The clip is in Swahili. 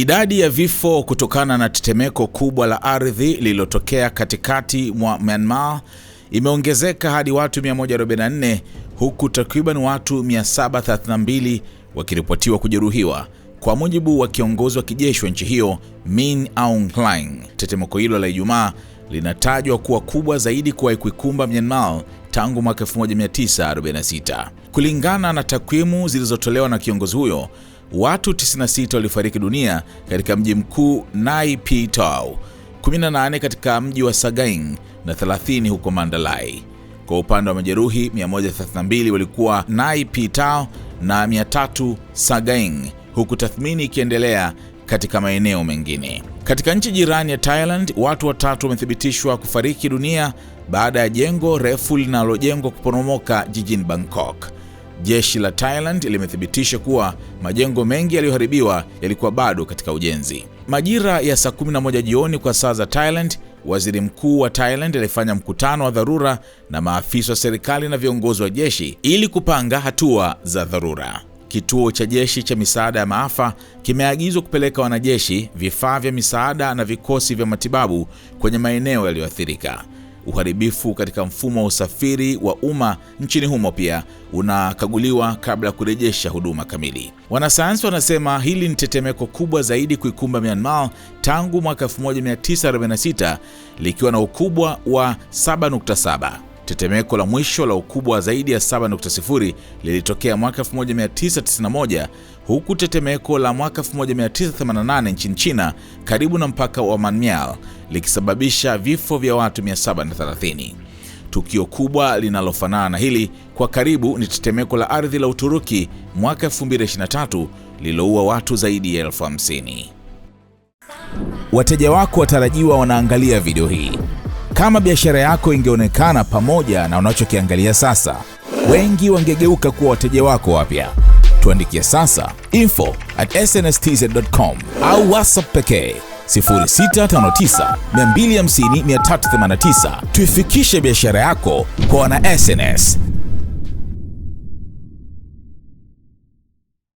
Idadi ya vifo kutokana na tetemeko kubwa la ardhi lililotokea katikati mwa Myanmar imeongezeka hadi watu 144 huku takriban watu 732 wakiripotiwa kujeruhiwa kwa mujibu wa kiongozi wa kijeshi wa nchi hiyo Min Aung Hlaing. Tetemeko hilo la Ijumaa linatajwa kuwa kubwa zaidi kuwahi kuikumba Myanmar tangu mwaka 1946. Kulingana na takwimu zilizotolewa na kiongozi huyo, watu 96 walifariki dunia katika mji mkuu Naypyidaw, 18 katika mji wa Sagaing na 30 huko Mandalay. Kwa upande wa majeruhi 132 walikuwa Naypyidaw na 300 Sagaing, huku tathmini ikiendelea katika maeneo mengine. Katika nchi jirani ya Thailand, watu watatu wamethibitishwa kufariki dunia baada ya jengo refu linalojengwa kuporomoka jijini Bangkok. Jeshi la Thailand limethibitisha kuwa majengo mengi yaliyoharibiwa yalikuwa bado katika ujenzi. Majira ya saa 11 jioni kwa saa za Thailand, Waziri Mkuu wa Thailand alifanya mkutano wa dharura na maafisa wa serikali na viongozi wa jeshi ili kupanga hatua za dharura. Kituo cha jeshi cha misaada ya maafa kimeagizwa kupeleka wanajeshi, vifaa vya misaada na vikosi vya matibabu kwenye maeneo yaliyoathirika. Uharibifu katika mfumo wa usafiri wa umma nchini humo pia unakaguliwa kabla ya kurejesha huduma kamili. Wanasayansi wanasema hili ni tetemeko kubwa zaidi kuikumba Myanmar tangu mwaka 1946 likiwa na ukubwa wa 7.7. Tetemeko la mwisho la ukubwa zaidi ya 7.0 lilitokea mwaka 1991 huku tetemeko la mwaka 1988 nchini China karibu na mpaka wa Manmial likisababisha vifo vya watu 730. Tukio kubwa linalofanana na hili kwa karibu ni tetemeko la ardhi la Uturuki mwaka 2023 lililoua watu zaidi ya elfu hamsini. Wateja wako watarajiwa wanaangalia video hii. Kama biashara yako ingeonekana pamoja na unachokiangalia sasa, wengi wangegeuka kuwa wateja wako wapya tuandikia sasa info at snstz.com au whatsapp pekee 0659 250 Tuifikishe biashara yako kwa wana SNS.